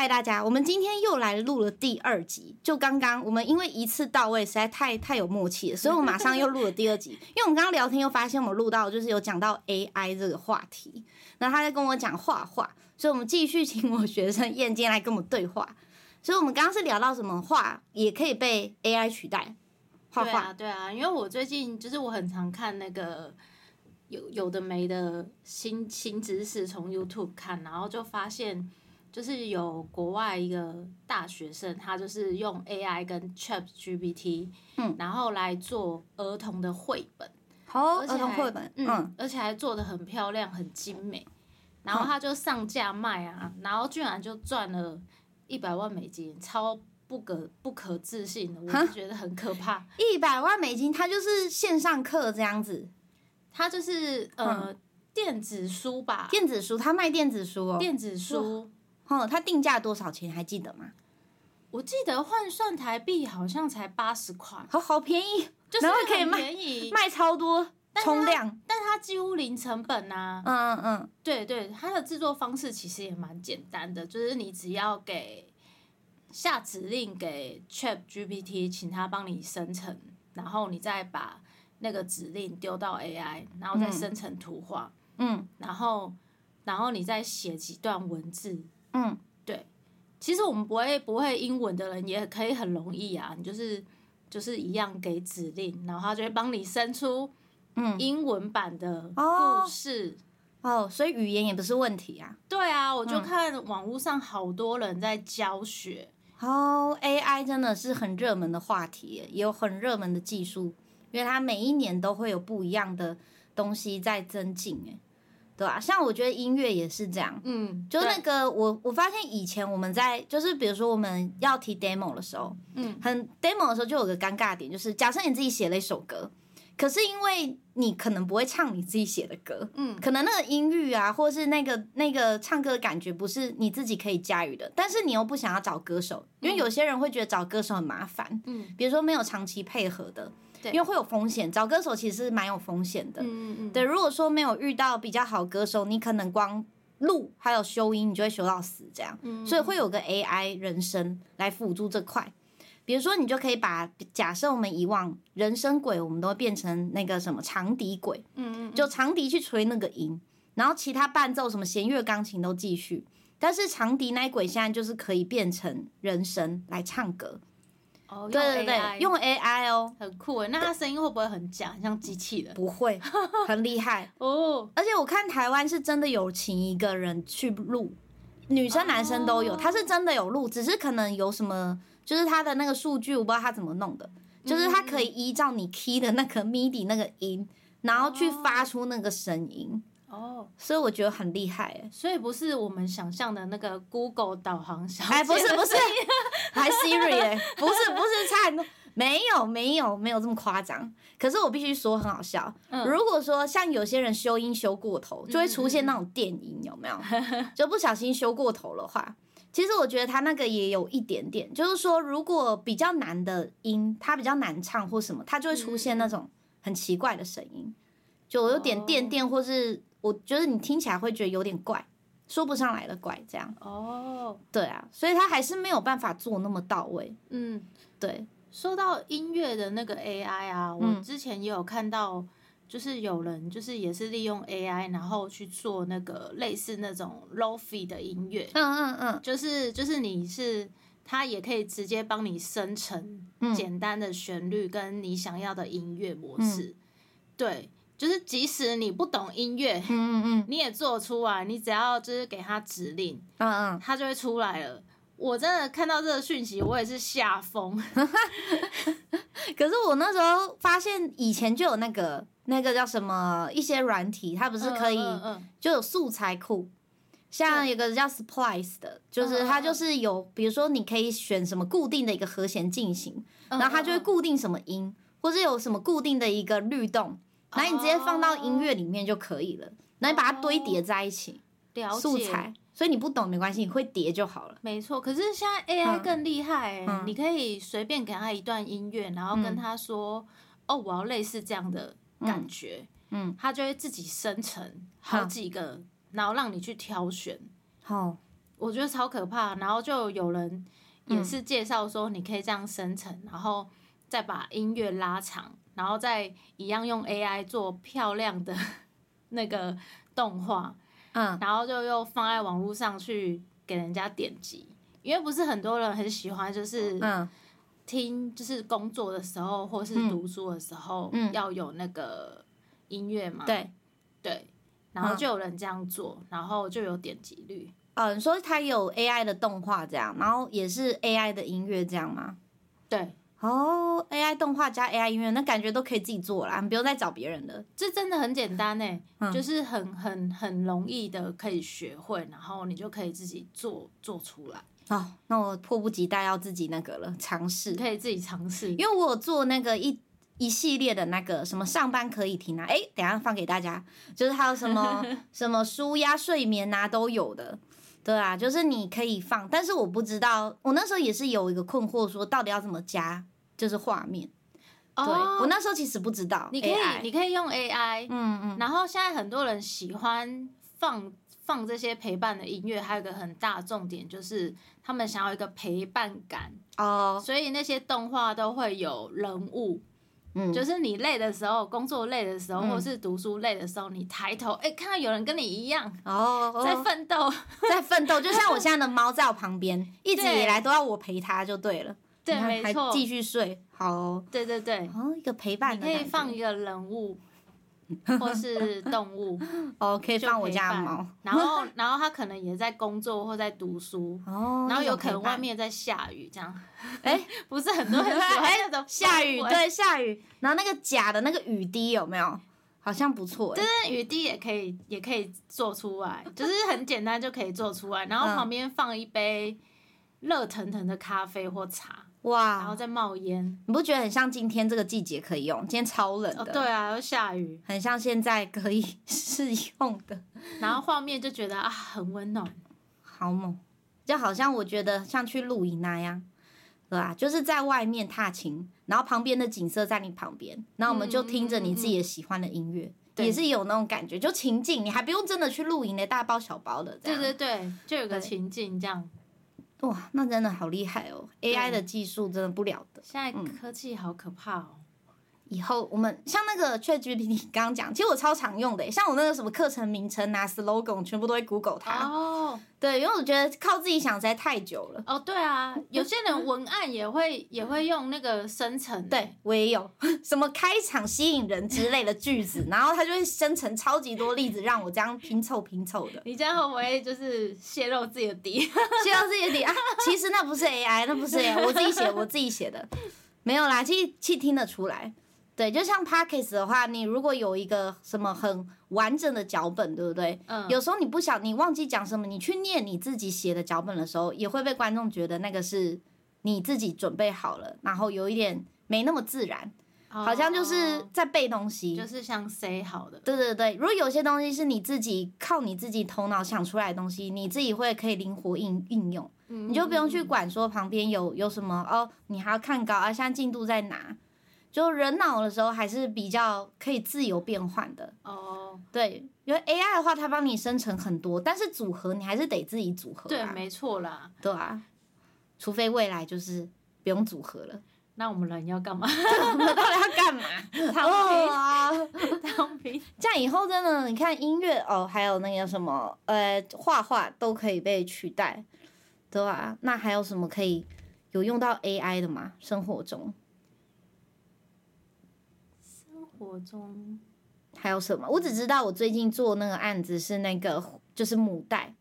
嗨，愛大家！我們今天又來錄了第二集。就剛剛我們因為一次到位實在太太有默契了，所以我馬上又錄了第二集。 因為我們剛剛聊天又發現我們錄到就是有講到 AI 這個話題，然後他在跟我講畫畫，所以我們繼續請我學生燕金來跟我們對話。所以我們剛剛是聊到什麼畫也可以被 AI 取代？畫畫對啊、對啊，因為我最近就是我很常看那個有有的沒的新新知識，從 YouTube 看，然後就發現。就是有國外一個大學生，他就是用 A I 跟 Chat GPT，嗯，然後來做兒童的繪本，好、oh，兒童繪本，嗯，而且還做得很漂亮，嗯、很精美。然後他就上架賣啊，嗯、然後居然就賺了一百萬美金，超不可不可置信的，我就覺得很可怕。一百、嗯、萬美金，他就是線上課這樣子，他就是呃、嗯、電子書吧？電子書，他賣電子書哦，電子書。哦，它定價多少錢？還記得嗎？我記得換算台幣好像才八十塊，好、哦、好便宜，就是可以賣賣超多，衝量，但是它幾乎零成本啊！嗯嗯嗯，對，對對，它的製作方式其實也蠻簡單的，就是你只要給下指令給 ChatGPT，請他幫你生成，然後你再把那個指令丟到 AI，然後再生成圖畫，嗯，然後然後你再寫幾段文字。嗯，對，其實我們不會不會英文的人也可以很容易啊，你就是就是一樣給指令，然後它就會幫你生出嗯英文版的故事、嗯、哦，哦，所以語言也不是問題啊。對啊，我就看網絡上好多人在教學，好、嗯 oh, AI 真的是很熱門的話題，也有很熱門的技術，因為它每一年都會有不一樣的東西在增進哎。對啊，像我覺得音樂也是這樣，嗯，就那個我我發現以前我們在就是比如說我們要提 demo 的時候，嗯，很 demo 的時候就有個尷尬點，就是假設你自己寫了一首歌，可是因為你可能不會唱你自己寫的歌，嗯，可能那個音域啊，或是那個那個唱歌的感覺不是你自己可以駕馭的，但是你又不想要找歌手，因為有些人會覺得找歌手很麻煩，嗯，比如說沒有長期配合的。對，因為會有風險，找歌手其實是蠻有風險的。嗯嗯，對，如果說沒有遇到比較好的歌手，你可能光錄還有修音，你就會修到死這樣。嗯。所以會有個 AI 人聲來輔助這塊，比如說你就可以把假設我們以往人聲軌，我們都會變成那個什麼長笛軌。嗯嗯。嗯，就長笛去吹那個音，然後其他伴奏什麼弦樂、鋼琴都繼續，但是長笛那軌現在就是可以變成人聲來唱歌。哦，對對對，用 AI 哦，很酷誒，那它聲音會不會很假，對很像機器人？不會，很厲害 哦。而且我看台灣是真的有請一個人去錄，女生男生都有，哦、他是真的有錄，只是可能有什麼，就是他的那個數據我不知道他怎麼弄的，就是他可以依照你 key 的那個 MIDI 那個音，然後去發出那個聲音。哦哦，oh, 所以我覺得很厲害，所以不是我們想象的那個 Google 導航小，哎、欸，不是不是，還 是 Siri 哎，不是不是差，沒有沒有沒有這麼誇張。可是我必須說很好笑。嗯、如果說像有些人修音修過頭，就會出現那種電音，嗯、有沒有？就不小心修過頭的話， 其實我覺得他那個也有一點點，就是說如果比較難的音，他比較難唱或什麼，他就會出現那種很奇怪的聲音，就有點電電或是。我覺得你聽起來會覺得有點怪，說不上來的怪這樣。哦，oh. 對啊，所以他還是沒有辦法做那麼到位。嗯，對。說到音樂的那個 AI 啊，嗯、我之前也有看到，就是有人就是也是利用 AI 然後去做那個類似那種 LoFi 的音樂、嗯。嗯嗯嗯。就是就是你是，它也可以直接幫你生成簡單的旋律，跟你想要的音樂模式。嗯、對。就是即使你不懂音樂，嗯嗯嗯，你也做出來，你只要就是給他指令，嗯嗯，它就會出來了。我真的看到這個訊息，我也是嚇瘋。 可是我那時候發現，以前就有那個那個叫什麼一些軟體，它不是可以嗯嗯嗯就有素材庫，像有個叫 Splice 的，嗯嗯嗯就是它就是有，比如說你可以選什麼固定的一個和弦進行，嗯嗯嗯然後它就會固定什麼音，或是有什麼固定的一個律動。那你直接放到音樂裡面就可以了。那你把它堆疊在一起，了解，素材，所以你不懂沒關係，你會疊就好了。沒錯。可是現在 AI 更厲害欸，你可以隨便給他一段音樂，然後跟他說：“哦，我要類似這樣的感覺。”嗯，他就會自己生成好幾個，然後讓你去挑選。好，我覺得超可怕。然後就有人也是介紹說，你可以這樣生成，然後再把音樂拉長。然後再一樣用 AI 做漂亮的那個動畫，嗯，然後就又放在網絡上去給人家點擊，因為不是很多人很喜歡，就是聽，就是工作的時候或是讀書的時候，嗯，要有那個音樂嘛，對、嗯嗯、對，然後就有人這樣做，嗯、然後就有點擊率，嗯、呃，你說他有 AI 的動畫這樣，然後也是 AI 的音樂這樣嗎？對。哦，A I 動畫加 A I 音樂，那感覺都可以自己做啦，你不用再找別人的，這真的很簡單誒、欸，嗯、就是很很很容易的可以學會，然後你就可以自己做做出來。哦，oh, 那我迫不及待要自己那個了，嘗試，可以自己嘗試，因為我有做那個一一系列的那個什麼上班可以停啊，哎、欸，等一下放給大家，就是還有什麼 什麼紓壓睡眠啊，都有的。對啊，就是你可以放，但是我不知道，我那時候也是有一個困惑，說到底要怎麼加，就是畫面。Oh, 對，我那時候其實不知道，你可以 AI, 你可以用 AI，嗯嗯。然後現在很多人喜歡放放這些陪伴的音樂，還有一個很大的重點就是他們想要一個陪伴感哦，oh. 所以那些動畫都會有人物。嗯，就是你累的時候，工作累的時候，或者是讀書累的時候，嗯、你抬頭哎、欸，看到有人跟你一樣哦，哦，哦，哦，在奮鬥，在奮鬥，就像我現在的貓在我旁邊， 一直以來都要我陪它就對了，對，它還，繼續睡，對好、哦，對對對，哦，一個陪伴，可以放一個人物。 或是動物哦，可以 Okay, 放我家的貓。然後，然後他可能也在工作或在讀書。哦。然後有可能外面在下雨，這樣。哎， 不是很多很多哎，下雨對下雨。然後那個假的那個雨滴有沒有？好像不錯，欸，就是雨滴也可以，也可以做出來，就是很簡單就可以做出來。然後旁邊放一杯熱騰騰的咖啡或茶。哇，然後再冒煙，你不覺得很像今天這個季節可以用？今天超冷的，哦、對啊，又下雨，很像現在可以試用的。 然後畫面就覺得啊，很溫暖，好猛，就好像我覺得像去露營那樣，對吧、啊？就是在外面踏青，然後旁邊的景色在你旁邊，然後我們就聽着你自己的喜歡的音樂，嗯、也是有那種感覺，對就情境，你還不用真的去露營的大包小包的，對對對，就有個情境這樣。哇，那真的好厲害哦！AI 的技術真的不了得。現在科技好可怕哦。嗯以後我們像那個 ChatGPT 你剛剛講，其實我超常用的，像我那個什麼課程名稱吶、啊、slogan 全部都會 Google 它。哦。對，因為我覺得靠自己想實在太久了。哦，oh, 對啊，有些人文案也會 也會用那個生成。對，對我也有什麼開場吸引人之類的句子， 然後它就會生成超級多例子讓我這樣拼湊拼湊的。你這樣會不會就是泄露自己的底？ 泄露自己的底啊？其實那不是 AI，那不是 AI， 我自己寫，我自己寫的，沒有啦，其實氣聽得出來。對，就像 Podcast 的話，你如果有一個什麼很完整的腳本，對不對？嗯。有時候你不想，你忘記講什麼，你去念你自己寫的腳本的時候，也會被觀眾覺得那個是你自己準備好了，然後有一點沒那麼自然，哦、好像就是在背東西。就是像 say 好的。對對對，如果有些東西是你自己靠你自己頭腦想出來的東西，你自己會可以靈活應運用，嗯嗯，你就不用去管說旁邊有有什麼哦，你還要看稿啊，現在進度在哪？就人腦的時候還是比較可以自由變換的哦，oh. 對，因為 A I 的話，它幫你生成很多，但是組合你還是得自己組合。對，沒錯啦。對啊，除非未來就是不用組合了， 那我們人要幹嘛？ 我們到底要幹嘛？躺平 躺平笑、oh、啊，躺平。這樣以後真的，你看音樂哦，還有那個什麼呃，畫畫都可以被取代，對吧，啊？那還有什麼可以有用到 A I 的嗎？生活中？生活中還有什麼？我只知道我最近做那個案子是那個，就是母帶，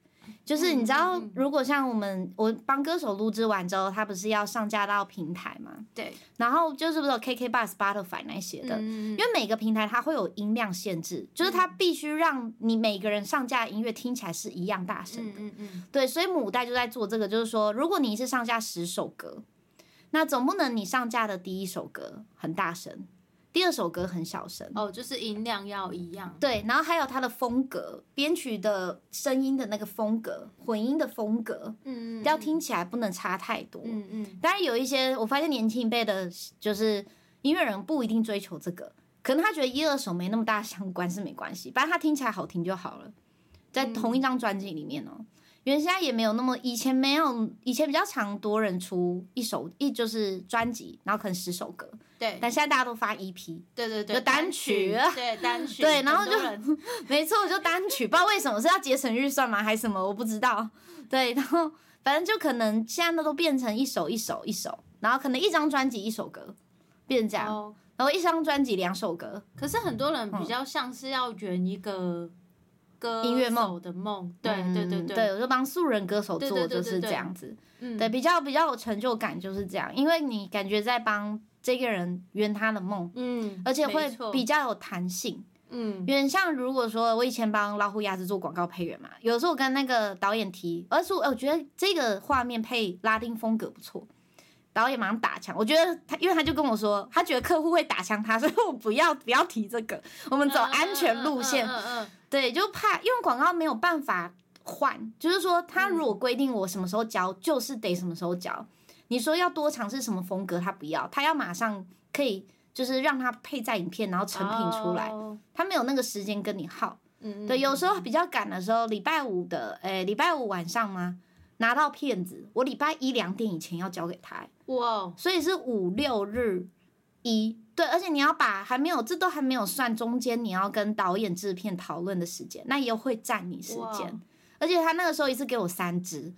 就是你知道，如果像我們我幫歌手錄制完之後，他不是要上架到平台嘛？對。然後就是不是有 KKBox Spotify 那些的，嗯、因為每個平台它會有音量限制，就是它必須讓你每個人上架音樂聽起來是一樣大聲的。嗯嗯嗯對，所以母帶就在做這個，就是說，如果你是上架十首歌，那總不能你上架的第一首歌很大聲。第二首歌很小聲哦，oh, 就是音量要一樣。對，然後還有它的風格、編曲的聲音的那個風格、混音的風格，嗯，嗯，嗯，要聽起來不能差太多。嗯嗯，當然有一些，我發現年輕一輩的，就是音樂人不一定追求這個，可能他覺得一二首沒那麼大相關是沒關係，反正他聽起來好聽就好了。在同一張專輯裡面呢、喔。原先也沒有那麽，以前沒有，以前比較常多人出一首，一就是專輯，然後可能十首歌。對。但現在大家都發 EP，對對對，單曲。對單曲。對，然後就，沒錯，就單曲，不知道為什麼 是要節省預算嗎，還是什麼，我不知道。對，然後反正就可能現在的都變成一首一首一首，然後可能一張專輯一首歌，變成這樣，哦、然後一張專輯兩首歌。嗯、可是很多人比較像是要圓一個。歌音樂夢我的夢，對對對對，嗯、對我就幫素人歌手做，就是這樣子，對，對，對，對，對，比較比較有成就感，就是這樣，因為你感覺在幫這個人圓他的夢，嗯，而且會比較有彈性，嗯錯，因為像如果說我以前幫老虎鴨子做廣告配樂嘛，有時候我跟那個導演提，而是我覺得這個畫面配拉丁風格不錯，然後也馬上打槍，我覺得他，因為他就跟我說，他覺得客戶會打槍他，所以我不要不要提這個，我們走安全路線，對，就怕，因為廣告沒有辦法換，就是說他如果規定我什麼時候交，就是得什麼時候交。嗯、你說要多嘗試什麼風格，他不要，他要馬上可以，就是讓他配在影片，然後成品出來，哦、他沒有那個時間跟你耗。嗯，對，有時候比較趕的時候，禮拜五的，誒，禮拜五晚上嗎？拿到片子，我禮拜一兩點以前要交給他、欸，哇！Wow. 所以是五六日一，對，而且你要把還沒有，這都還沒有算中間你要跟導演製片討論的時間，那也會佔你時間，Wow. 而且他那個時候一次給我三支，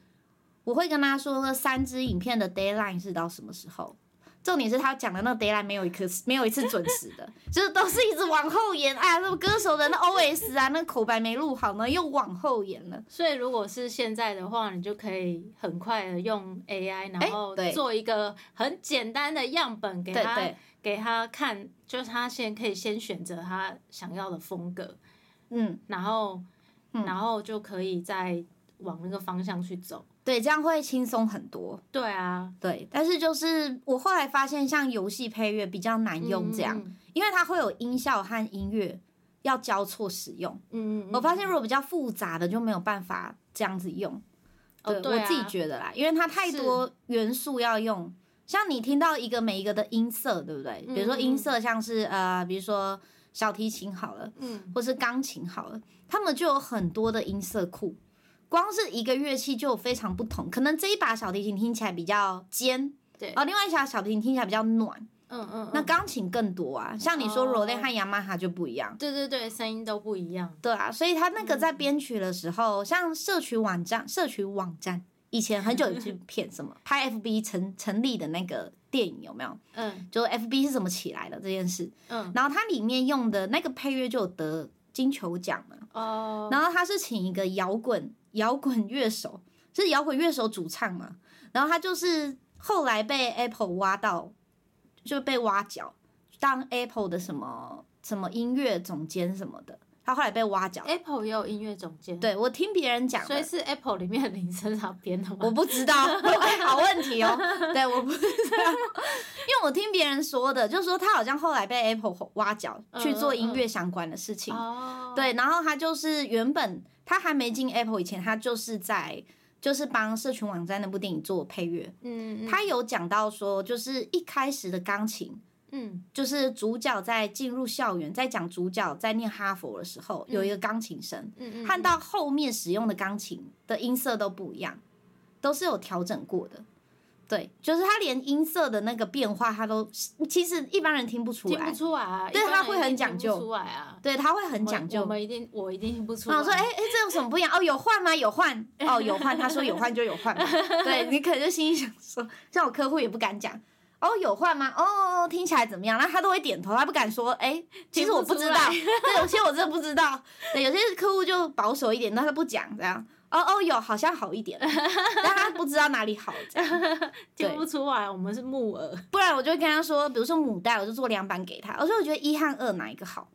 我會跟他說那三支影片的 deadline 是到什麼時候。重點是他講的那個 deadline 沒有一次沒有一次準時的， 就是都是一直往後延。哎呀，那個、歌手的那 OS 啊，那個、口白沒錄好呢，又往後延了。所以如果是現在的話，你就可以很快的用 AI，然後做一個很簡單的樣本給他、欸、對給他看，就是他先可以先選擇他想要的風格，嗯，然後然後就可以再往那個方向去走。對，這樣會輕鬆很多。對啊，對，但是就是我後來發現，像遊戲配樂比較難用這樣，嗯嗯、因為它會有音效和音樂要交錯使用。嗯，嗯我發現如果比較複雜的就沒有辦法這樣子用。對、哦對啊、我自己覺得啦，因為它太多元素要用，是像你聽到一個每一個的音色，對不對？嗯、比如說音色，像是呃，比如說小提琴好了，嗯、或是鋼琴好了，他們就有很多的音色庫。光是一個樂器就非常不同，可能這一把小提琴聽起來比較尖，對，哦，另外一把小提琴聽起來比較暖，嗯嗯，嗯那鋼琴更多啊，嗯、像你說羅列和雅馬哈就不一樣，哦、對對對，聲音都不一樣，對啊，所以他那個在編曲的時候，嗯、像社群網站，社群網站以前很久以前篇什麼 拍 F B 成成立的那個電影有沒有？嗯，就 F B 是怎麼起來的這件事，嗯，然後它裡面用的那個配樂就有得金球獎了，哦、嗯，然後他是請一個搖滾。搖滾樂手，是搖滾樂手主唱嘛？然後他就是後來被 Apple 挖到，就被挖角當 Apple 的什麼什麼音樂總監什麼的。他後來被挖角，Apple 也有音樂總監。對，我聽別人講，所以是 Apple 裡面鈴聲那邊的，的我不知道， 好問題哦。 對，我不知道，因為我聽別人說的，就是說他好像後來被 Apple 挖角，嗯、去做音樂相關的事情。嗯嗯、對，然後他就是原本。他還沒進 Apple 以前，他就是在就是幫社群網站那部電影做配樂。嗯，他有講到說，就是一開始的鋼琴，嗯，就是主角在進入校園，在講主角在念哈佛的時候，有一個鋼琴聲。嗯，看到後面使用的鋼琴的音色都不一樣，都是有調整過的。對，就是他連音色的那個變化，他都其實一般人聽不出來，聽不出來、啊。對，他會很講究。對，他會很講究。我一定，我一定聽不出來。我說，誒、欸、哎、欸，這有什麼不一樣？哦，有換嗎？有換？哦，有換。 他說有換就有換。對，你可能就心裡想說，像我客戶也不敢講。哦，有換嗎？哦，聽起來怎麼樣？然後他都會點頭，他不敢說。誒、欸、其實我不知道。對，有些我真的不知道。對，有些客戶就保守一點，但他不講這樣。哦哦，有好像好一點， 但他不知道哪裡好這樣，聽不出來。我們是木耳，不然我就跟他說，比如說母帶，我就做兩版給他。我說我覺得一和二哪一個好，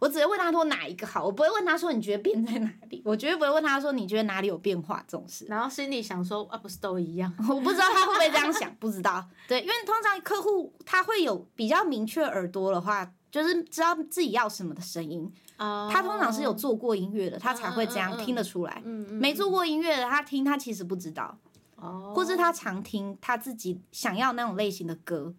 我只會問他說哪一個好，我不會問他說你覺得變在哪裡，我絕對不會問他說你覺得哪裡有變化這種事。然後心裡想說啊，不是都一樣， 我不知道他會不會這樣想，不知道。對，因為通常客戶他會有比較明確耳朵的話，就是知道自己要什麼的聲音。 他通常是有做過音樂的，他才會這樣 嗯嗯嗯聽得出來。嗯嗯嗯沒做過音樂的，他聽他其實不知道。 或是他常聽他自己想要那種類型的歌，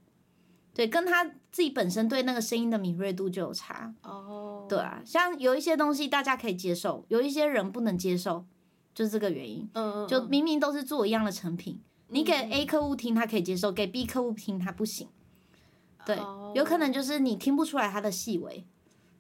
對，跟他自己本身對那個聲音的敏銳度就有差。 對啊，像有一些東西大家可以接受，有一些人不能接受，就是這個原因。 就明明都是做一樣的成品，你給 A 客戶聽他可以接受，給 B 客戶聽他不行。對。有可能就是你聽不出來他的細微。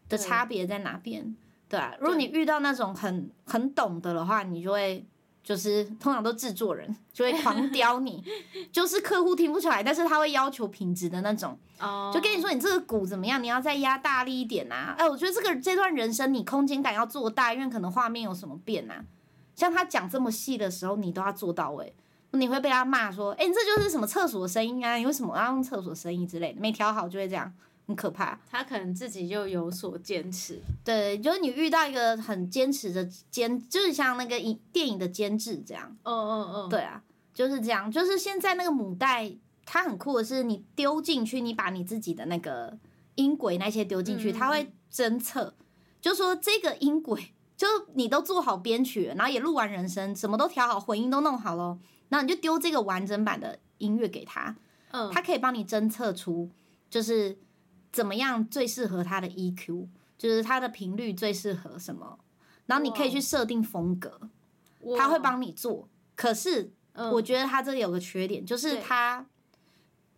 的差別在哪邊？對啊，如果你遇到那種很對很懂的的話，你就會就是通常都制作人就會狂刁你， 就是客戶聽不出來，但是他會要求品質的那種哦，oh. 就跟你說你這個鼓怎麼樣，你要再壓大力一點啊！哎、欸，我覺得這個這段人生你空間感要做大，因為可能畫面有什麼變啊，像他講這麼細的時候，你都要做到位，你會被他罵說，哎、欸，你這就是什麼廁所聲音啊？你為什麼要用廁所聲音之類的？沒調好就會這樣。很可怕，他可能自己就有所堅持。對，就是你遇到一個很堅持的監，就是像那個影電影的監製這樣。嗯嗯嗯，對啊，就是這樣。就是現在那個母帶，它很酷的是，你丟進去，你把你自己的那個音軌那些丟進去，它、嗯、會偵測，就說這個音軌，就你都做好編曲，然後也錄完人聲，什麼都調好，混音都弄好了，然後你就丟這個完整版的音樂給他，嗯，oh. 它可以幫你偵測出，就是。怎麼樣最適合他的 EQ，就是它的頻率最適合什麼？然後你可以去設定風格，Wow. 他會幫你做。可是我覺得他這裡有個缺點，嗯、就是他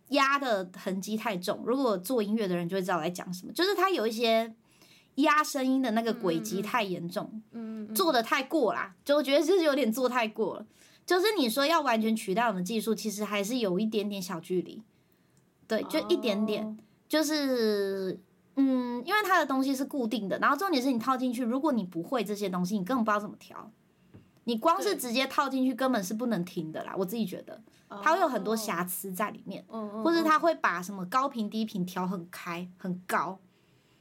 壓的痕跡太重。對如果做音樂的人就會知道來講什麼，就是他有一些壓聲音的那個軌跡太嚴重，mm hmm. 做的太過啦。就我覺得就是有點做太過了。就是你說要完全取代我們的技術，其實還是有一點點小距離，oh. 對，就一點點。就是，嗯，因為它的東西是固定的，然後重點是你套進去，如果你不會這些東西，你根本不知道怎麼調。你光是直接套進去，根本是不能停的啦。對我自己覺得，oh, 它會有很多瑕疵在裡面，oh. 或者它會把什麼高頻低頻調很開，很高，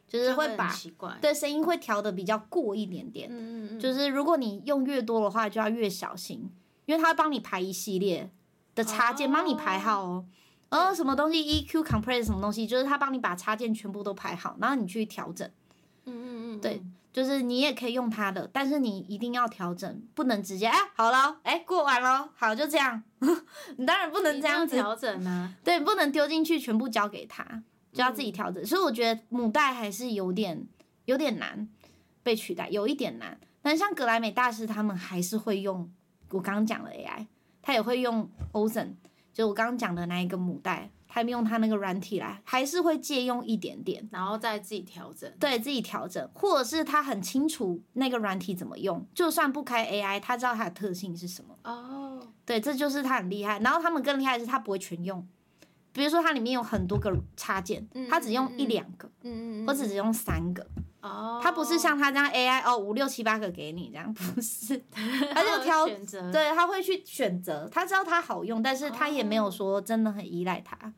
就是會把會對聲音會調得比較過一點點。嗯嗯，就是如果你用越多的話，就要越小心，因為它會幫你排一系列的插件，幫、oh. 你排好哦。呃，oh, 對什麼東西 EQ compress 什麼東西，就是他幫你把插件全部都排好，然後你去調整。嗯嗯嗯，對，就是你也可以用他的，但是你一定要調整，不能直接哎好了，哎，好哎過完嘍，好就這樣。 你當然不能這樣，子這樣調整呢、啊，對，不能丟進去全部交給他，就要自己調整。嗯、所以我覺得母帶還是有點有點難被取代，有一點難。但像格萊美大師他們還是會用我剛剛講的 AI，他也會用 Osen。就我剛剛講的那一個母帶，他們用他那個軟體來，還是會借用一點點，然後再自己調整，對，自己調整，或者是他很清楚那個軟體怎麼用，就算不開 AI，他知道它的特性是什麼。哦。Oh. 對，這就是他很厲害。然後他們更厲害的是，他不會全用，比如說它裡面有很多個插件，他只用一兩個，嗯，嗯，或者只用三個。哦，oh, 他不是像他這樣 AI 哦，五六七八個給你這樣，不是，他，他就挑、選，對，他會去選擇，他知道它好用，但是他也沒有說真的很依賴它，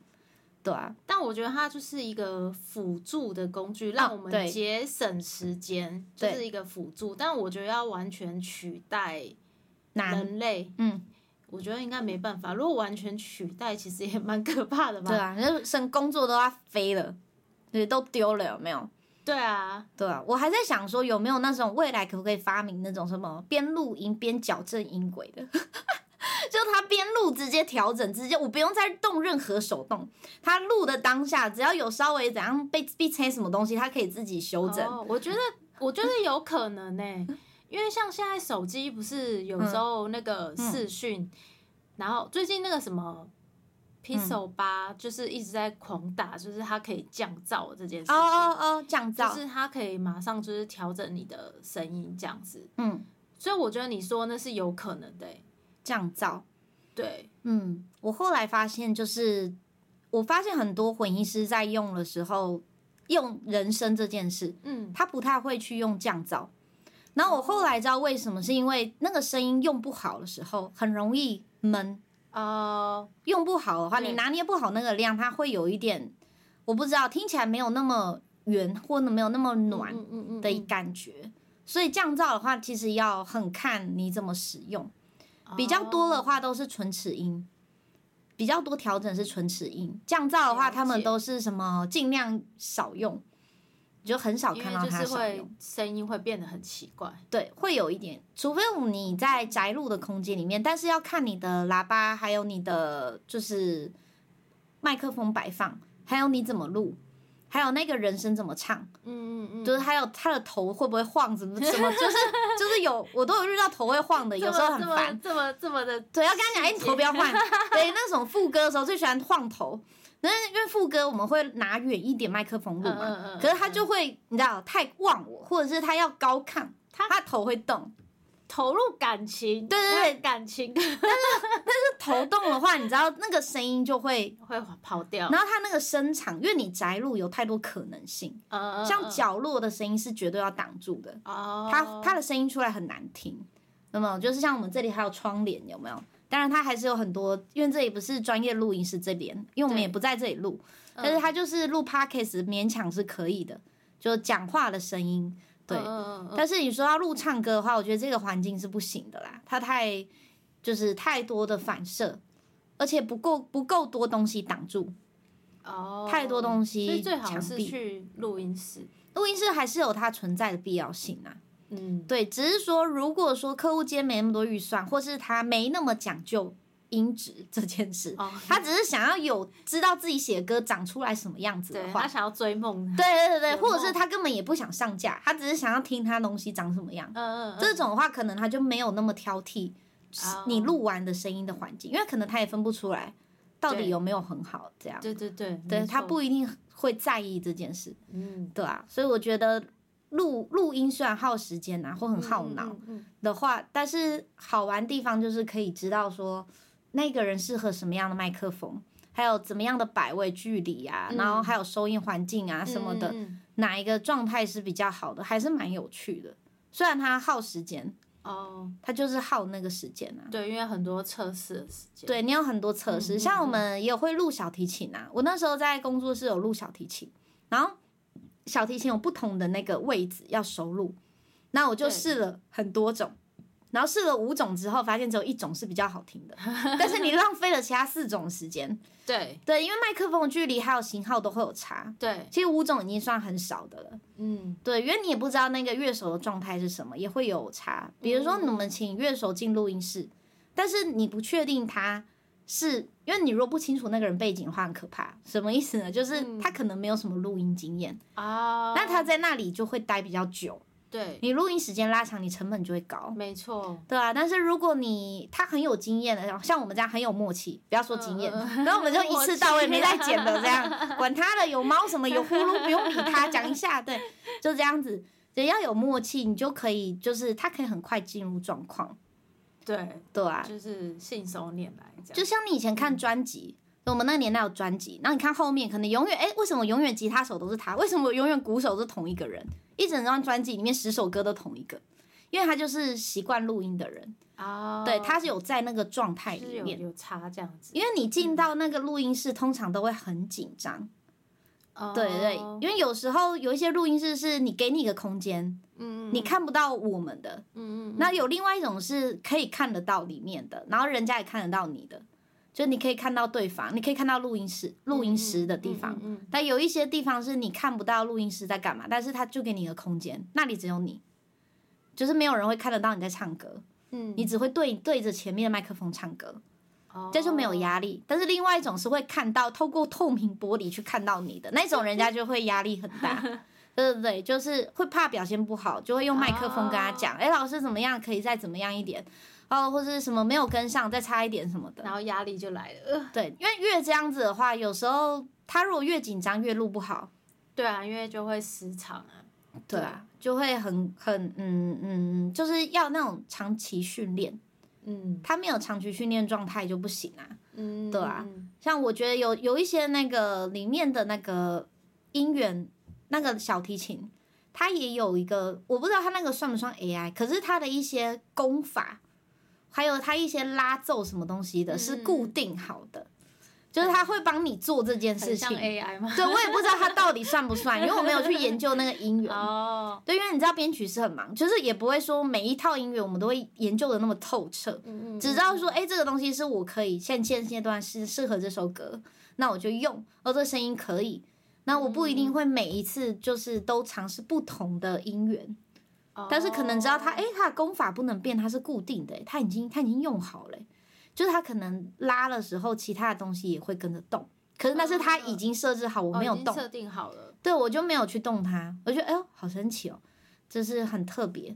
對啊。但我覺得它就是一個輔助的工具，oh, 讓我們節省時間，對就是一個輔助。對但我覺得要完全取代人類，嗯，我覺得應該沒辦法。如果完全取代，其實也蠻可怕的嘛。對啊，那生工作都要飛了，對，都丟了，有沒有？對啊，對啊，我還在想說有沒有那種未來可不可以發明那種什麼邊錄音邊矯正音軌的， 就他邊錄直接調整，直接我不用再動任何手動，他錄的當下只要有稍微怎樣被被拆什麼東西，它可以自己修整。Oh, 我覺得我覺得有可能呢、欸， 因為像現在手機不是有時候那個視訊，嗯嗯、然後最近那個什麼。Pixel 八、嗯、就是一直在狂打，就是它可以降噪這件事。哦哦哦，降噪，就是它可以馬上就是調整你的聲音這樣子。嗯，所以我覺得你說那是有可能的、欸，降噪。對，嗯，我後來發現就是，我發現很多混音師在用的時候用人聲這件事，嗯，他不太會去用降噪。然後我後來知道為什麼，是因為那個聲音用不好的時候很容易悶。啊，uh, 用不好的話，你拿捏不好那個量，對 它會有一點，我不知道，聽起來沒有那麼圓，或者沒有那麼暖的一感覺。嗯嗯嗯嗯、所以降噪的話，其實要很看你怎麼使用。比較多的話都是唇齒音，oh. 比較多調整是唇齒音。降噪的話，他們都是什麼盡量少用。就很少看到他使用，聲音會變得很奇怪。對，會有一點，除非你在宅錄的空間裡面，但是要看你的喇叭，還有你的就是麥克風擺放，還有你怎麼錄，還有那個人聲怎麼唱，嗯嗯嗯，嗯就是還有他的頭會不會晃，怎麼怎麼，就是 就是有，我都有遇到頭會晃的，麼有時候很煩，這麼這麼的，對，要跟他講，哎、欸，你頭不要晃。對，那種副歌的時候最喜歡晃頭。是因為副歌我們會拿遠一點麥克風錄嘛，嗯嗯、可是，他就會你知道太忘我，或者是他要高亢，嗯、他，他頭會動，投入感情，對對對，感情。但是 但是頭動的話，你知道那個聲音就會會跑掉。然後他那個聲場，因為你宅錄有太多可能性，嗯、像角落的聲音是絕對要擋住的。哦、嗯，他他的聲音出來很難聽。那麼就是像我們這裡還有窗簾，有沒有？當然，它還是有很多，因為這裡不是專業錄音室這邊，因為我們也不在這裡錄。對但是它就是錄 podcast，勉強是可以的，嗯、就是講話的聲音，對。嗯嗯嗯、但是你說要錄唱歌的話，我覺得這個環境是不行的啦，它太就是太多的反射，而且不夠不夠多東西擋住。哦，太多東西，所以最好是去錄音室。錄音室還是有它存在的必要性啊。嗯，對，只是說，如果說客戶今天沒那麼多預算，或是他沒那麼講究音質這件事，oh, okay. 他只是想要有知道自己寫歌長出來什麼樣子的話，他想要追夢。對對對對，追夢。或者是他根本也不想上架，他只是想要聽他東西長什麼樣。嗯嗯，這種的話，可能他就沒有那麼挑剔你錄完的聲音的環境，uh, uh. 因為可能他也分不出來到底有沒有很好這樣。對,對對對，對他不一定會在意這件事。嗯，對啊，所以我覺得。錄錄音雖然耗時間啊，或很耗腦的話，嗯嗯、但是好玩的地方就是可以知道說，那個人適合什麼樣的麥克風，還有怎麼樣的擺位距離啊，嗯、然後還有收音環境啊什麼的，嗯、哪一個狀態是比較好的，還是蠻有趣的。雖然它耗時間哦，它就是耗那個時間啊。對，因為很多測試時間。對，你有很多測試，嗯嗯嗯，像我們也會錄小提琴啊。我那時候在工作室有錄小提琴，然後。小提琴有不同的那個位置要收錄。那我就試了很多種，對然後試了五種之後，發現只有一種是比較好聽的， 但是你浪費了其他四種時間。對，對，因為麥克風的距離還有型號都會有差。對，其實五種已經算很少的了。嗯，對，因為你也不知道那個樂手的狀態是什麼，也會有差。比如說你們請樂手進錄音室，哦、但是你不確定他，是因為你如果不清楚那個人背景的話，很可怕。什麼意思呢？就是他可能沒有什麼錄音經驗啊，嗯、那他在那裡就會待比較久。哦、對，你錄音時間拉長，你成本就會高。沒錯，對啊。但是如果你他很有經驗的，像我們這樣很有默契，不要說經驗，那、呃、我們就一次到位，沒在剪的這樣，啊、管他的，有貓什麼有呼嚕不用理他，講一下，對，就這樣子。只要有默契，你就可以，就是他可以很快進入狀況。對對啊，就是信手拈來這樣。就像你以前看專輯，嗯、我們那年代有專輯，然後你看後面可能永遠哎、欸，為什麼永遠吉他手都是他？為什麼永遠鼓手都是同一個人？一整張專輯裡面十首歌都同一個，因為他就是習慣錄音的人啊。哦、對，他是有在那個狀態裡面有,有差這樣子。因為你進到那個錄音室，對通常都會很緊張。Oh. 對對，因為有時候有一些錄音室是你給你一個空間，嗯、mm hmm. 你看不到我們的，嗯嗯、mm，hmm. 那有另外一種是可以看得到裡面的，然後人家也看得到你的，就你可以看到對方，你可以看到錄音室錄音室的地方，mm hmm. 但有一些地方是你看不到錄音師在幹嘛，但是他就給你一個空間，那裡只有你，就是沒有人會看得到你在唱歌，嗯、mm，hmm. 你只會對對着前面的麥克風唱歌。這就沒有壓力，oh. 但是另外一種是會看到透過透明玻璃去看到你的那種，人家就會壓力很大， 對對對，就是會怕表現不好，就會用麥克風跟他講，哎、oh.，老師怎麼樣可以再怎麼樣一點哦，或者什麼沒有跟上再差一點什麼的，然後壓力就來了。對，因為越這樣子的話，有時候他如果越緊張越錄不好，對啊，因為就會失常啊，對啊，就會很很嗯嗯，就是要那種長期訓練。嗯，他沒有長期訓練狀態就不行啊。嗯，對啊，像我覺得有有一些那個裡面的那個音源，那個小提琴，它也有一個我不知道它那個算不算 AI，可是它的一些弓法，還有它一些拉奏什麼東西的，是固定好的。嗯就是他會幫你做這件事情，AI 嗎？對，我也不知道他到底算不算， 因為我沒有去研究那個音源。哦，oh. 對，因為你知道編曲是很忙，就是也不會說每一套音樂我們都會研究得那麼透徹。Mm hmm. 只知道說，哎、欸，這個東西是我可以，現現階段是適合這首歌，那我就用。哦，這個聲音可以。那我不一定會每一次就是都嘗試不同的音源，oh. 但是可能知道他，哎、欸，他的功法不能變，他是固定的，他已經他已經用好了。就是他可能拉的時候，其他的東西也會跟着動。可是但是他已經設置好，我沒有動。設、哦哦、定好了。對，我就沒有去動它。我覺得，哎呦，好神奇哦，就是很特別，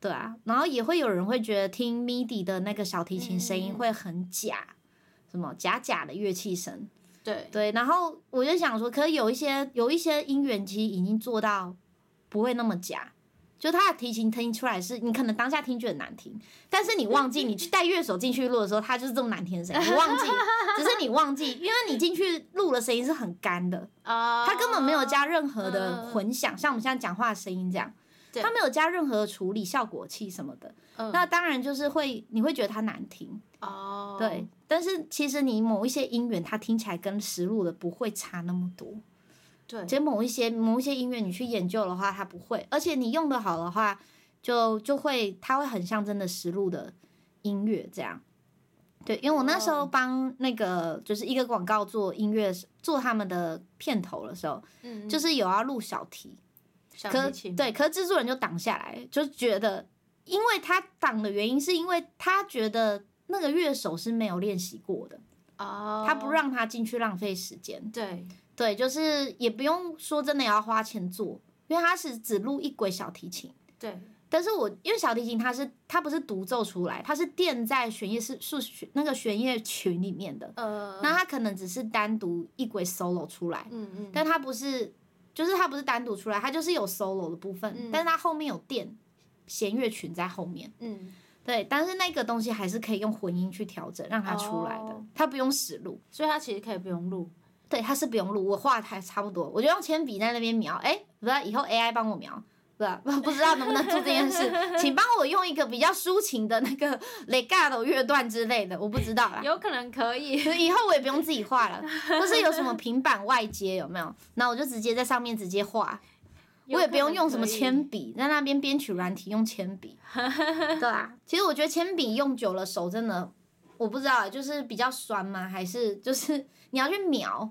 對啊。然後也會有人會覺得聽 MIDI 的那個小提琴聲音會很假，嗯嗯，什麼假假的樂器聲。對對。然後我就想說，可能有一些有一些音源其實已經做到不會那麼假。就它的提琴聽出來是你可能當下聽覺得，很難聽，但是你忘記你帶樂去帶樂手進去錄的時候，它就是這麼難聽的聲音。你忘記， 只是你忘記，因為你進去錄的聲音是很乾的啊，它根本沒有加任何的混響，像我們現在講話的聲音這樣，它沒有加任何的處理效果器什麼的。那當然就是會，你會覺得它難聽哦。對，但是其實你某一些音源，它聽起來跟實錄的不會差那麼多。對其實某一些某一些音樂你去研究的話，它不會，而且你用得好的話就，就就會它會很像真的實錄的音樂這樣。對，因為我那時候幫那個、oh. 就是一個廣告做音樂，做他們的片頭的時候，mm hmm. 就是有要錄小提。小提琴，對，可是制作人就擋下來，就覺得，因為他擋的原因是因為他覺得那個樂手是沒有練習過的哦，oh. 他不讓他進去浪費時間，對。對，就是也不用說真的要花錢做，因為它是只錄一軌小提琴。對，但是我因為小提琴它是它不是獨奏出來，它是墊在弦樂是數那個弦樂群裡面的。呃、那它可能只是單獨一軌 solo 出來。嗯嗯，但它不是，就是它不是單獨出來，它就是有 solo 的部分，嗯、但是它後面有墊弦樂群在後面。嗯，對，但是那個東西還是可以用混音去調整讓它出來的，它、哦、不用實錄，所以它其實可以不用錄。對，他是不用錄，我畫的還差不多，我就用鉛筆在那邊描。誒、欸，不知道以後 AI 幫我描，不知道不知道能不能做這件事， 請幫我用一個比較抒情的那個 legato 樂段之類的，我不知道啦。有可能可以，可是以後我也不用自己畫了，就 是有什麼平板外接有沒有？那我就直接在上面直接畫，可可我也不用用什麼鉛筆在那邊編曲軟體用鉛筆。 對啊，其實我覺得鉛筆用久了手真的，我不知道，就是比較酸嗎？還是就是。你要去秒，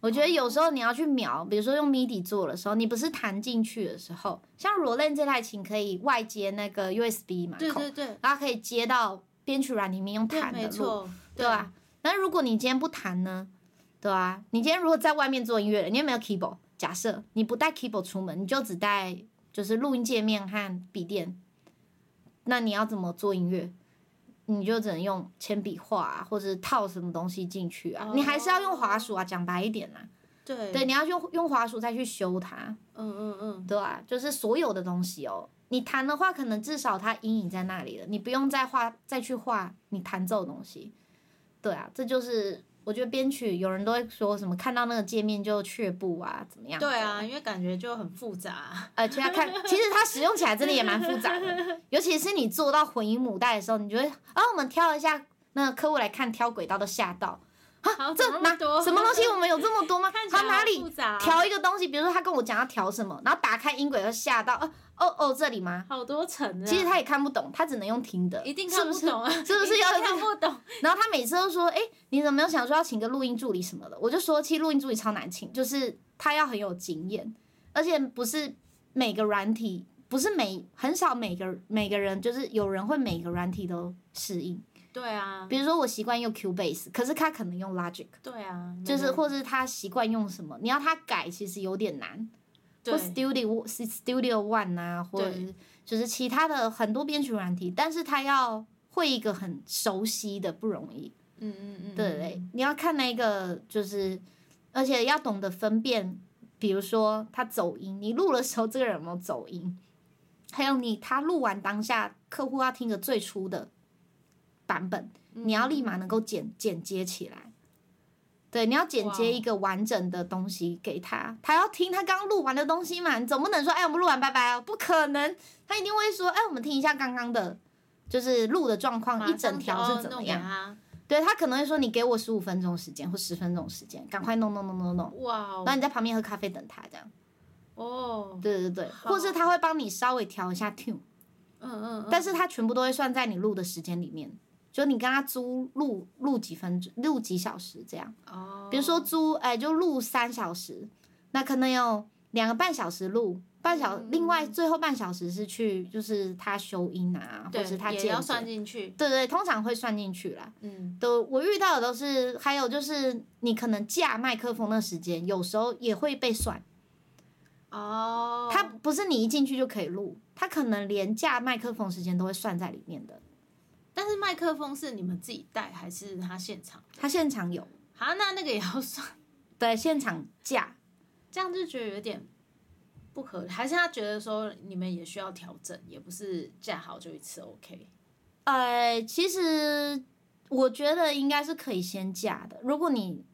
我覺得有時候你要去秒，比如說用 MIDI 做的時候，你不是彈進去的時候，像羅 o 這台琴可以外接那個 USB 嘛？對對對，然後可以接到編曲軟裡面用彈的路，對吧？那、啊、對如果你今天不彈呢，對啊，你今天如果在外面做音樂，你有沒有 keyboard？假設你不帶 keyboard 出門，你就只帶就是錄音界面和筆電，那你要怎麼做音樂？你就只能用鉛筆畫，或者套什麼東西進去啊？Oh. 你還是要用滑鼠啊，講白一點吶、啊。對、oh. 對，你要用用滑鼠再去修它。嗯嗯嗯，對啊，就是所有的東西哦、喔，你彈的話，可能至少它陰影在那裡了，你不用再畫再去畫你彈奏的東西。對啊，這就是。我覺得編曲有人都會說什麼看到那個界面就卻步啊，怎麼樣？對啊，因為感覺就很複雜。呃，且看，其實它使用起來真的也蠻複雜的， 尤其是你做到混音母帶的時候，你就會，你覺得啊，我們挑一下那個客戶來看，挑軌道都嚇到。啊，這哪蛤什麼東西？我們有這麼多嗎？好、啊啊，哪裡調一個東西？比如說他跟我講要調什麼，然後打開音軌要嚇到呃，哦哦，哦，這裡嗎？好多層。其實他也看不懂，他只能用聽的，一定看不懂啊，是不是，是不是要聽這個？看不懂，然後他每次都說，哎、欸，你怎麼沒有想說要請個錄音助理什麼的？我就說，其實錄音助理超難請，就是他要很有經驗，而且不是每個軟體，不是每很少每個每個人，就是有人會每個軟體都適應。對啊，比如說我習慣用 Cubase，可是他可能用 Logic。對啊，就是或是他習慣用什麼，啊、你要他改其實有點難。對。Studio Studio One 啊，或者就是其他的很多編曲軟體，對但是他要會一個很熟悉的不容易。嗯，嗯嗯嗯。對，你要看那一個就是，而且要懂得分辨，比如說他走音，你錄的時候這個人有沒有走音？還有你他錄完當下客戶要聽的最初的版本，你要立馬能夠剪剪接起來，嗯、對，你要剪接一個完整的東西給他。哇他要聽他剛剛錄完的東西嘛。你總不能說，哎、欸，我們錄完拜拜哦。不可能，他一定會說，哎、欸，我們聽一下剛剛的，就是錄的狀況，一整條是怎麼樣？啊啊、對他可能會說，你給我十五分鐘時間或十分鐘時間，趕快弄弄弄弄弄，哇、哦，然後你在旁邊喝咖啡等他這樣，哦，對對對，好或是他會幫你稍微調一下 tune，嗯，嗯嗯，但是他全部都會算在你錄的時間裡面。就你跟他租錄錄幾分鐘，錄幾小時這樣。Oh. 比如說租哎、欸，就錄三小時，那可能有兩個半小時錄，半小時、嗯、另外最後半小時是去就是他修音啊，對或者他也要算進去。對，對對，通常會算進去啦。嗯。都我遇到的都是，還有就是你可能架麥克風的時間，有時候也會被算。哦。他不是你一進去就可以錄，他可能連架麥克風時間都會算在裡面的。但是麥克風是你們自己帶還是他現場？他現場有。好，那那個也要算，對，現場架，這樣就覺得有點不可。還是他覺得說你們也需要調整，也不是架好就一次 OK。呃，其實我覺得應該是可以先架的。如果你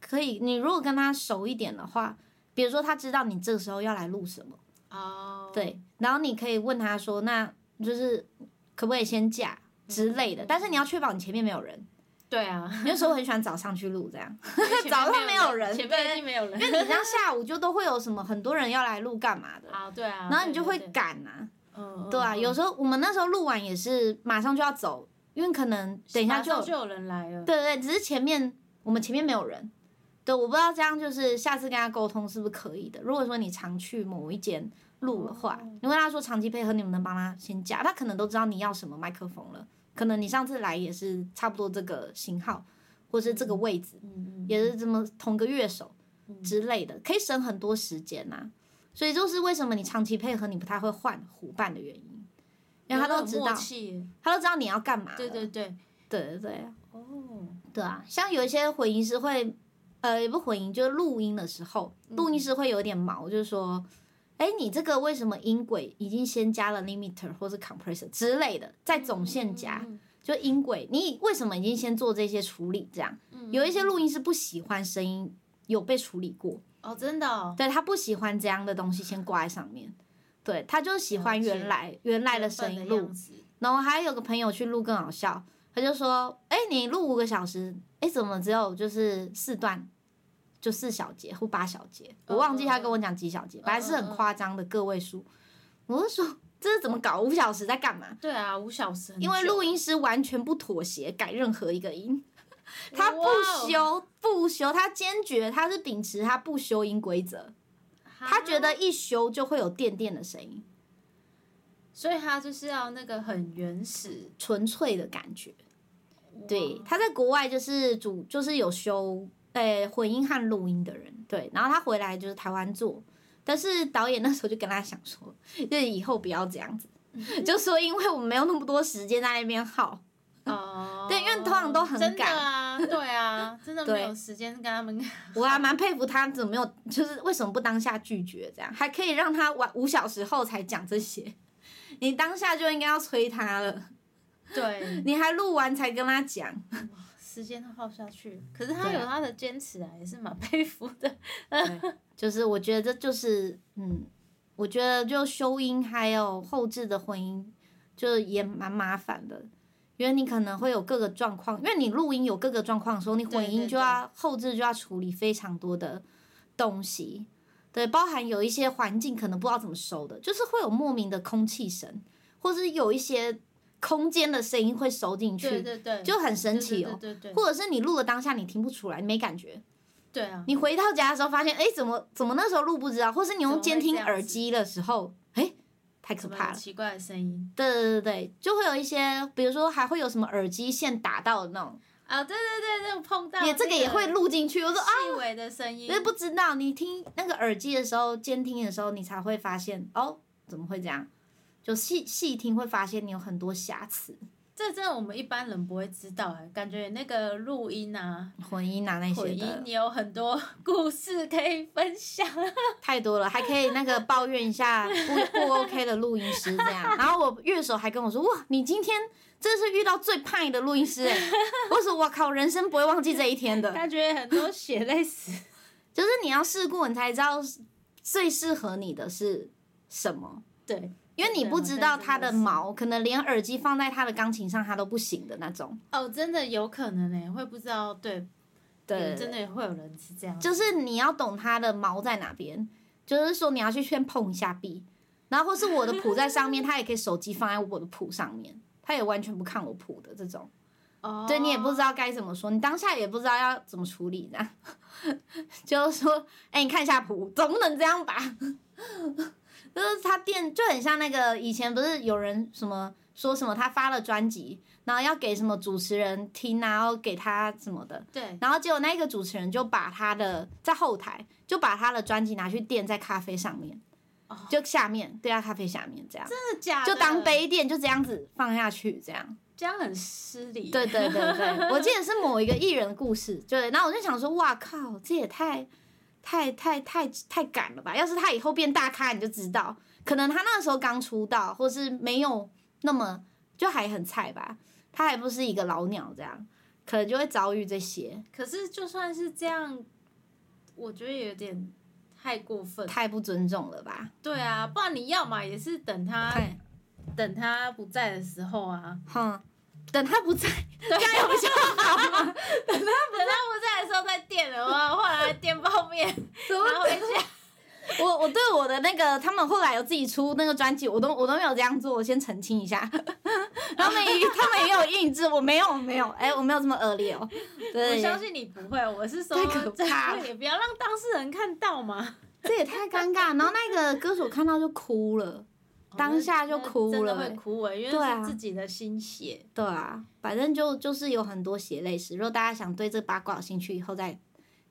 可以，你如果跟他熟一點的話，比如說他知道你這個時候要來錄什麼哦，oh. 對，然後你可以問他說，那就是可不可以先架？之類的，但是你要確保你前面沒有人。對啊，有時候很喜歡早上去錄這樣， 早上沒有人，前面沒有人，因為你這樣下午就都會有什麼很多人要來錄幹嘛的啊，對啊，然後你就會趕啊，對，對，對，對啊，有時候我們那時候錄完也是馬上就要走，因為可能等一下就有就有人來了，對，對對，只是前面我們前面沒有人，對，我不知道這樣就是下次跟他溝通是不是可以的？如果說你常去某一間。錄的話，你問他說長期配合，你們能幫他先加。他可能都知道你要什麼麥克風了。可能你上次來也是差不多這個型號，或是這個位置，也是這麼同個樂手之類的，可以省很多時間呐、啊。所以就是為什麼你長期配合，你不太會換夥伴的原因，因為他都知道，他都知道你要幹嘛。對對對對對對，哦，oh. 對啊，像有一些混音師會，呃，也不混音，就是錄音的時候，錄音師會有點毛，嗯、就是說。哎，你這個為什麼音軌已經先加了 limiter 或是 compressor 之類的，在總線加，嗯、就音軌，你為什麼已經先做這些處理？這樣，嗯、有一些錄音師不喜歡聲音有被處理過哦，真的，哦，對他不喜歡這樣的東西先掛在上面，嗯、對他就是喜歡原來，嗯、原來的聲音錄。嗯、然後還有個朋友去錄更好笑，他就說，哎，你錄五個小時，哎，怎麼只有就是四段？就四小節或八小節，oh. 我忘記他跟我講幾小節，本來是很誇張的個位數。Oh. 我就說，這是怎麼搞？oh. 五小時在幹嘛？對啊，五小時，因為錄音師完全不妥協，改任何一個音， 他不修 Wow. 不修，他堅決，他是秉持他不修音規則，Huh? 他覺得一修就會有電電的聲音，所以他就是要那個很原始純粹的感覺。Wow. 對，他在國外就是主就是有修。誒，混、欸、音，和錄音的人，對，然後他回來就是台灣做，但是導演那時候就跟他想說，就是、以後不要這樣子， 就說因為我們沒有那麼多時間在那邊耗，哦， oh, 對，因為通常都很趕，真的啊，對啊，真的沒有時間跟他們。對 我還蠻佩服他怎麼沒有，就是為什麼不當下拒絕這樣，還可以讓他晚五小時後才講這些，你當下就應該要催他了，對， 你還錄完才跟他講。 時間耗下去，可是他有他的堅持啊，啊也是蠻佩服的。 對就是我覺得，就是嗯，我覺得就修音還有後製的混音，就是也蠻麻煩的，因為你可能會有各個狀況，因為你錄音有各個狀況的時候，你混音就要對對對後製就要處理非常多的東西，對，包含有一些環境可能不知道怎麼收的，就是會有莫名的空氣聲，或是有一些。空間的聲音會收進去，對對，對就很神奇哦、喔。對對，對，對，對或者是你錄的當下你聽不出來，沒感覺。對啊。你回到家的時候發現，哎、欸，怎麼怎麼那時候錄不知道，或是你用監聽耳機的時候，哎、欸，太可怕了，奇怪的聲音。對對對，對就會有一些，比如說還會有什麼耳機線打到的那種啊，oh, 對對對，那種碰到也這、欸、這個也會錄進去。我說啊，細微的聲音。不是不知道你聽那個耳機的時候，監聽的時候你才會發現哦，怎麼會這樣？就細細聽會發現你有很多瑕疵，這真的我們一般人不會知道哎、欸。感覺那個錄音啊、混音啊那些的，音你有很多故事可以分享、啊，太多了，還可以那個抱怨一下不 不 OK 的錄音師這樣。然後我樂手還跟我說哇，你今天真的是遇到最叛逆的錄音師哎、欸。我說我靠，人生不會忘記這一天的。 感覺很多血淚史，就是你要試過，你才知道最適合你的是什麼。對。因為你不知道他的毛，可能連耳機放在他的鋼琴上，他都不行的那種。哦，真的有可能誒，會不知道，對，對，真的會有人是這樣。就是你要懂他的毛在哪邊，就是說你要去先碰一下壁，然後或是我的譜在上面，他也可以手機放在我的譜上面，他也完全不看我譜的這種。哦，對，你也不知道該怎麼說，你當下也不知道要怎麼處理，這樣就是說，哎，你看一下譜，總不能這樣吧？就是他墊就很像那個以前不是有人什麼說什麼他發了專輯，然後要給什麼主持人聽啊，然後給他什麼的。對。然後結果那一個主持人就把他的在後台就把他的專輯拿去墊在咖啡上面，就下面，對啊，咖啡下面這樣。真的假？就當杯墊就這樣子放下去這樣，這樣很失禮。對對對對，對，我記得是某一個藝人的故事，對。然後我就想說，哇靠，這也太。太太太太趕了吧？要是他以後變大咖，你就知道，可能他那時候剛出道，或是沒有那麼就還很菜吧，他還不是一個老鳥，這樣可能就會遭遇這些。可是就算是這樣，我覺得有點太過分，太不尊重了吧？對啊，不然你要嘛，也是等他等他不在的時候啊，哼、嗯。等他不在，等他有不想搞嗎？等他 等他不在的時候再電的話，我後來電泡麵， 怎麼回事？我我對我的那個，他們後來有自己出那個專輯，我都我都沒有這樣做，我先澄清一下。他們也他們也有印製，我沒有我沒有，哎、欸，我沒有這麼惡劣哦。我相信你不會，我是說，也不要讓當事人看到嘛。這也太尷尬，然後那個歌手看到就哭了。當下就哭了、欸，真的會哭、欸，因為是自己的心血。對啊,對啊，反正就就是有很多血淚史。如果大家想對這八卦有興趣，以後再一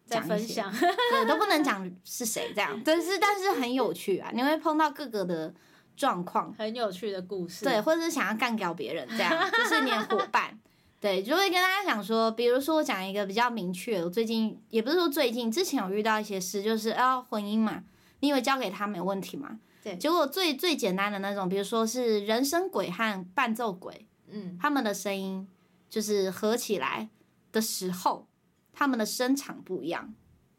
再分享，對，都不能講是誰這樣。 但是，但是很有趣啊！你會碰到各個的狀況，很有趣的故事。對，或者是想要幹掉別人這樣，就是你的伙伴。 對，就會跟大家講說，比如說我講一個比較明確，我最近也不是說最近，之前有遇到一些事，就是啊、哦，婚姻嘛，你以為交給他沒問題嘛對結果最最簡單的那種，比如說是人聲軌和伴奏軌，嗯，他們的聲音就是合起來的時候，他們的聲場不一樣。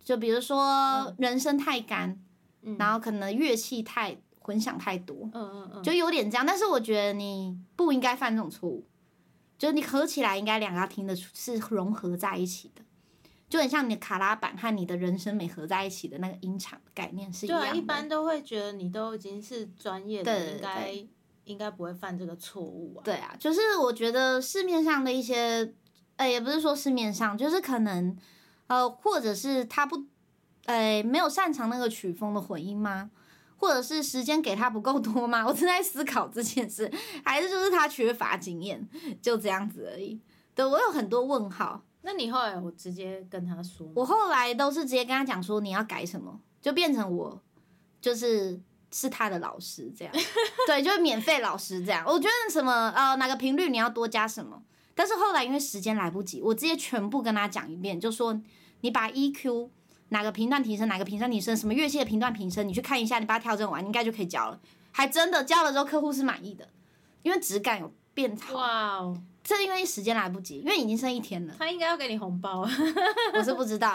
就比如說人聲太乾，嗯，然後可能樂器太、嗯、混響太多，嗯嗯嗯，就有點這樣。但是我覺得你不應該犯這種錯誤，就是你合起來應該兩個要聽得出是融合在一起的。就很像你的卡拉版和你的人聲美合在一起的那個音場概念是一樣。對啊，一般都會覺得你都已經是專業的，對應該對應該不會犯這個錯誤啊。對啊，就是我覺得市面上的一些，呃、哎，也不是說市面上，就是可能，呃，或者是他不，哎，沒有擅長那個曲風的混音嗎？或者是時間給他不夠多嗎？我正在思考這件事，還是就是他缺乏經驗，就這樣子而已。對，我有很多問號。那你後來我直接跟他說，我後來都是直接跟他講說你要改什麼，就變成我就是是他的老師這樣， 對，就是免費老師這樣。我覺得什麼呃哪個頻率你要多加什麼，但是後來因為時間來不及，我直接全部跟他講一遍，就說你把 EQ 哪個頻段提升，哪個頻段提升，什麼樂器的頻段提升，你去看一下，你把它調整完，應該就可以交了。還真的交了之後，客戶是滿意的，因為質感有變差。哇哦。這因為時間來不及，因為已經剩一天了。他應該要給你紅包， 我是不知道。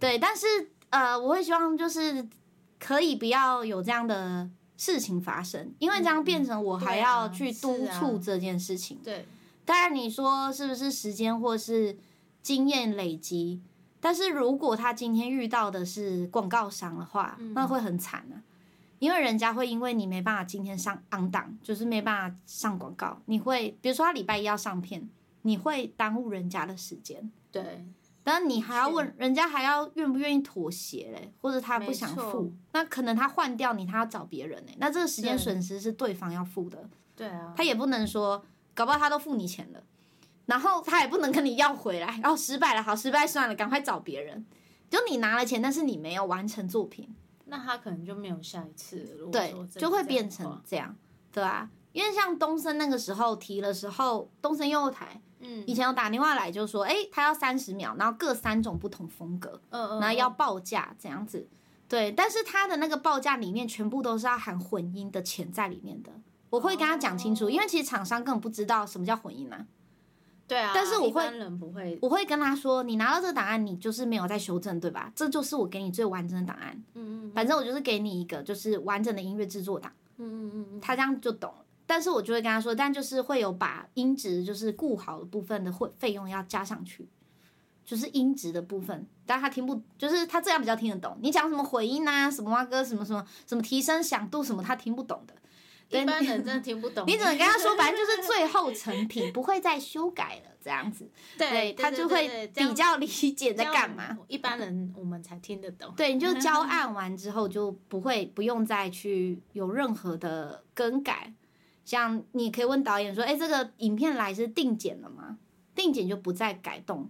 對，但是呃，我會希望就是可以不要有這樣的事情發生，因為這樣變成我還要去督促這件事情。嗯嗯啊、對，當然你說是不是時間或是經驗累積？但是如果他今天遇到的是廣告商的話，嗯、哼那會很慘啊。因為人家會，因為你沒辦法今天上檔，down, 就是沒辦法上廣告，你會比如說他禮拜一要上片，你會耽誤人家的時間。對，但你還要問人家還要願不願意妥協嘞，或者他不想付，錯那可能他換掉你，他要找別人嘞，那這個時間損失是對方要付的。對啊，他也不能說，搞不好他都付你錢了，然後他也不能跟你要回來，然後失敗了，好，失敗算了，趕快找別人。就你拿了錢，但是你沒有完成作品。那他可能就沒有下一次了。對，就會變成這樣，對吧？啊。因為像東森那個時候提的時候，東森幼幼台，嗯，以前有打電話來就說，誒、嗯欸、他要三十秒，然後各三種不同風格，哦哦哦然後要報價這樣子，對，但是他的那個報價裡面全部都是要含混音的錢在裡面的，我會跟他講清楚，哦哦因為其實廠商根本不知道什麼叫混音啊。對啊，但是我會，會我會跟他說，你拿到這個檔案，你就是沒有在修正，對吧？這就是我給你最完整的檔案。嗯，嗯嗯，反正我就是給你一個就是完整的音樂制作檔。嗯嗯嗯，他這樣就懂了。但是我就會跟他說，但就是會有把音質就是顧好的部分的會費用要加上去，就是音質的部分。但他聽不，就是他這樣比較聽得懂。你講什麼回音啊，什麼什麼歌，什麼什麼什麼提升響度什麼，他聽不懂的。對一般人真的聽不懂你， 你怎麼跟他說？反正就是最後成品， 不會再修改了，這樣子，對，對，對，對，對，對他就會比較理解在幹嘛？一般人我們才聽得懂、啊。對，你就交案完之後就不會不用再去有任何的更改， 像你可以問導演說：“哎、欸，這個影片來是定剪了嗎？定剪就不再改動，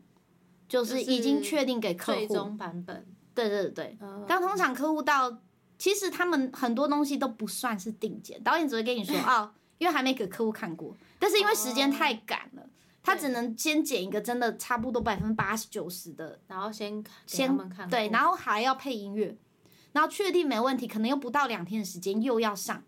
就是已經確定給客戶最終版本。”對，對對對，當、oh. 通常客戶到。其實他們很多東西都不算是定剪，導演只會跟你說 哦，因為還沒給客戶看過。但是因為時間太趕了，哦、他只能先剪一個真的差不多百分之八十九十的，然後先看先對，然後還要配音樂，然後確定沒問題，可能又不到兩天的時間又要上。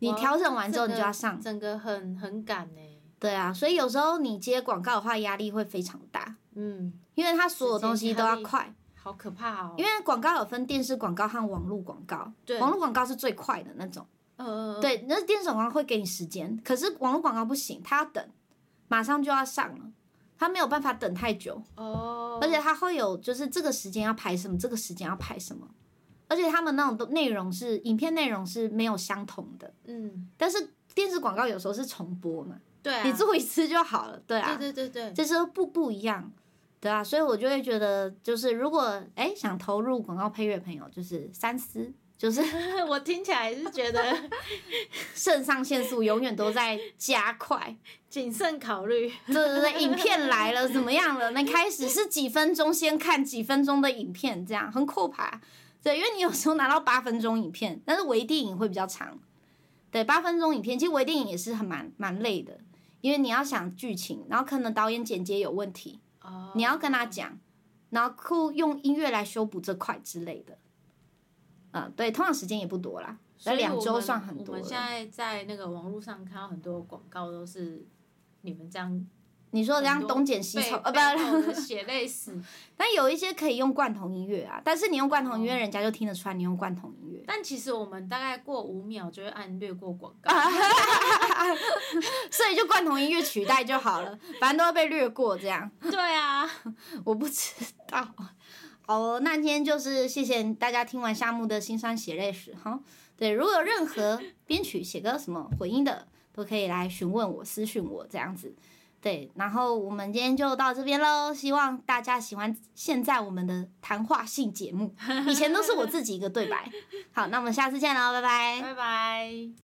你調整完之後你就要上，整個很很趕哎。對啊，所以有時候你接廣告的話壓力會非常大，嗯，因為他所有東西都要快。好可怕哦！因為廣告有分電視廣告和網絡廣告，對，網絡廣告是最快的那種。嗯、呃，對，那電視廣告會給你時間，可是網絡廣告不行，它要等，馬上就要上了，它沒有辦法等太久。哦。而且它會有，就是這個時間要拍什麼，這個時間要拍什麼，而且他們那種內容是影片內容是沒有相同的。嗯。但是電視廣告有時候是重播嘛，對啊，你做一次就好了，對啊。對對對對，就是不不一樣。對啊，所以我就會覺得，就是如果哎想投入廣告配樂的朋友，就是三思。就是我聽起來是覺得腎 上腺素永遠都在加快，謹慎考慮。對對對， 影片來了，怎麼樣了？那開始是幾分鐘先看幾分鐘的影片，這樣很可怕？對，因為你有時候拿到八分鐘影片，但是微電影會比較長。對，八分鐘影片其實微電影也是很蠻蠻累的，因為你要想劇情，然後可能導演剪接，有問題。Oh, okay. 你要跟他講，然後用音樂來修補這塊之類的，嗯，對，通常時間也不多啦，所以兩周算很多。我現在在那個網絡上看到很多廣告都是你們這樣。你說這樣東撿西抄啊？不，血淚史。 但有一些可以用罐頭音樂啊，但是你用罐頭音樂，哦、人家就聽得出來你用罐頭音樂。但其實我們大概過五秒就會按略過廣告， 所以就罐頭音樂取代就好了， 反正都要被略過這樣。對啊， 我不知道。哦、oh,，那今天就是謝謝大家聽完夏慕的《心酸血淚史》哈、huh?。對，如果有任何編曲、寫歌什麼混音的，都可以來詢問我、私訊我這樣子。對，然後我們今天就到這邊嘍，希望大家喜歡現在我們的談話性節目，以前都是我自己一個對白。 好，那我們下次見嘍，拜拜，拜拜。